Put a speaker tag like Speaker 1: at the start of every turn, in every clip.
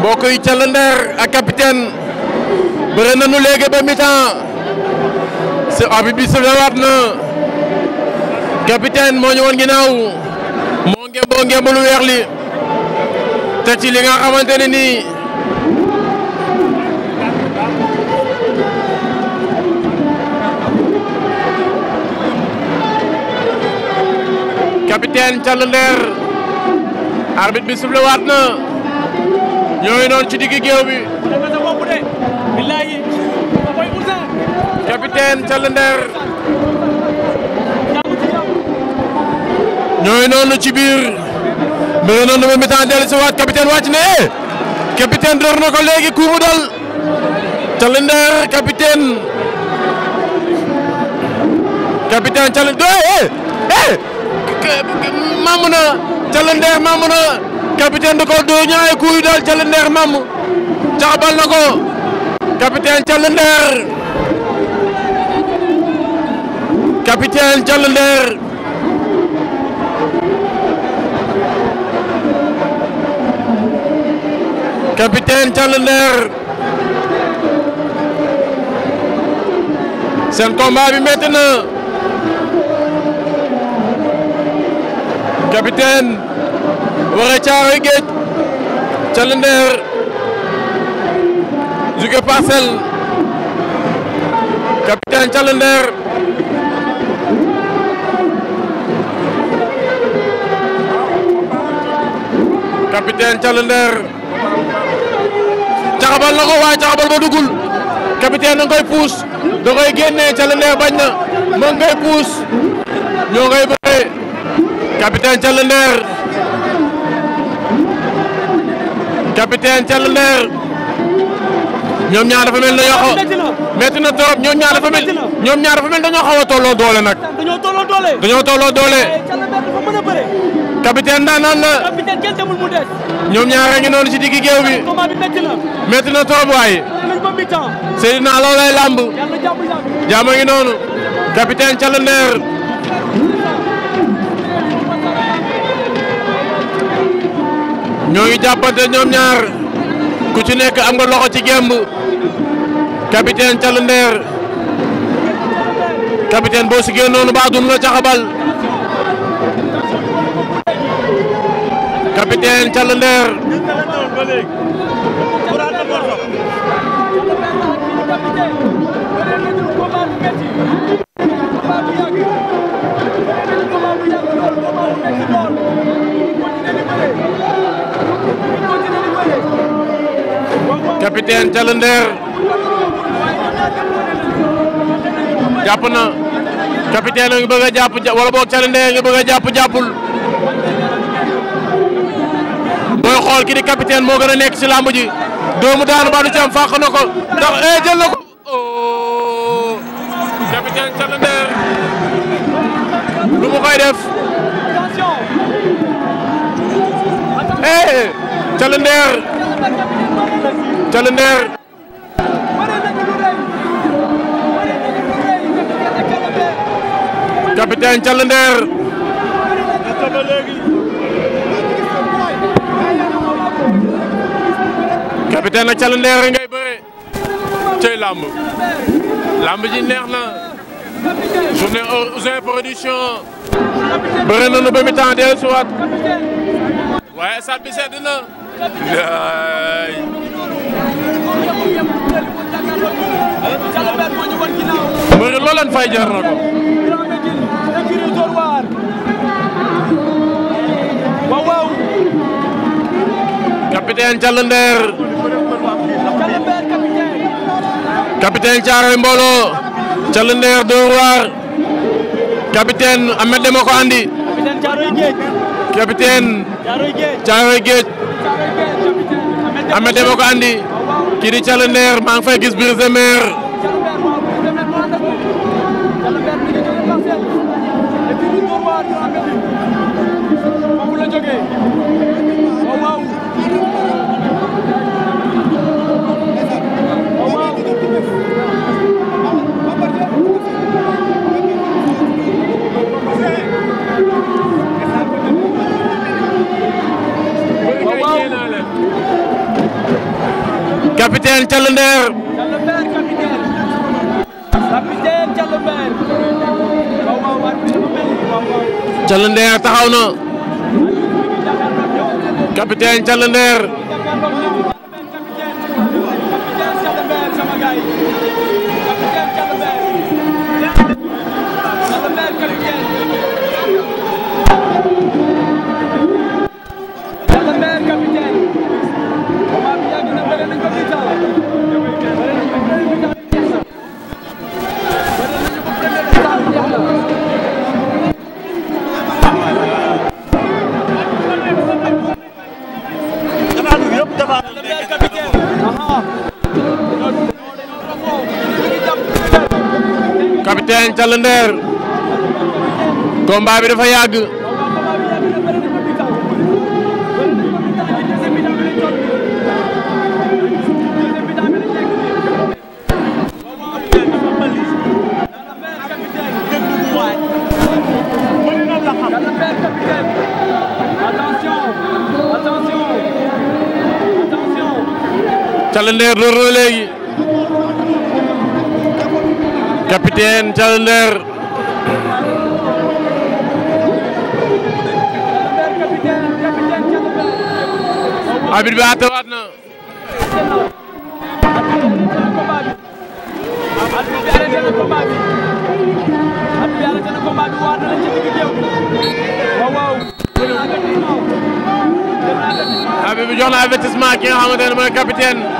Speaker 1: mbokk yi Thialender ak capitaine bëre nañu léegi ba mi-temps si abi bi siflewaat na capitaine moo ñu woon ginnaaw moo nge boo lu weex li te ci li nga xamante ne nii capitaine Thialender arbitre bi siflewaat ñooy noonu ci digg géew bi. capitaine Thiel ñooy noonu ci biir. mu ngi noonu ba mi temps dellu si waat capitaine wàcc na eh. capitaine door na ko léegi kuumu dal. Thiel Nder capitaine. capitaine Thiel Nder eh eh. capitaine da ko dóor ñaari coup daal Thialy mam caxabal na ko capitaine Thialy Nder capitaine Thialy Nder capitaine na waxe caaroy géej ca Lindeer jóge Parcelles capitaine ca Lindeer na ko waaye caxabal ba dugul capitaine da koy puus da koy génne bañ na ma ngay puus ñoo ngay bëre capitaine ca capitaine Thiel ñoom ñaar dafa mel dañoo xaw na trop ñoom ñaar dafa ñoom ñaar dafa mel dañoo xaw a tolloo doole nag. dañoo tolloo doole. dañoo tolloo doole. Eh, capitaine ñoom ñaar a noonu ci diggi géew bi. metti na trop waaye. Seydina loolay làmb. jàmm noonu. capitaine Thiel ñoo ngi jàppante ñoom ñaar ku ci nekk am nga loxo ci gemb capitaine Thialou Nder capitaine boo si génnoonu ba dun la caxabal capitaine Thialou Nder capitaine Thialender jàpp na capitaine a ngi bëgg a jàpp wala boog Thialender ngi bëgg a jàpp jàppul booy xool ki di capitaine moo gën a nekk ci làmb ji doomu daanu ba du ci am fàq na ko ndax eh, na ko oh. capitaine Thialender lu mu koy def eh Thialender ca la ndeer capitaine ca la ndeer capitaine na ca la ji neex na journée Ouzin Production bëre nañu ba mi temps deel suwaat waaye sat bi sedd fay jar na ko. capitaine Thialy Nder capitaine Thiaroye Mbolo Thialy Nder Dóor waar capitaine Ahmed Deme ko andi capitaine Thiaroye Géej Ahmed Deme ko andi kii di Thialy Nder maa ngi fay gis brise mer capitaine Thialy Nder Thialy Nder taxaw na capitaine Thialy Nder Diagne Thial Nder combat bi dafa yàgg Thial Nder door na léegi capitaine Challenger arbitre bi àttewaat na arbitre bi jox na avertissement ki nga xamante ne mooy capitaine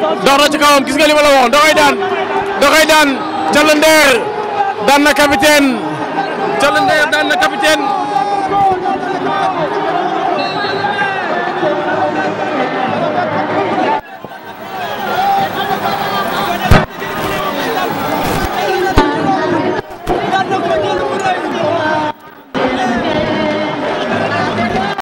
Speaker 1: dox na ci kawam gis nga li ma la da koy daan da koy daan Thialy capitaine Thialy Nder capitaine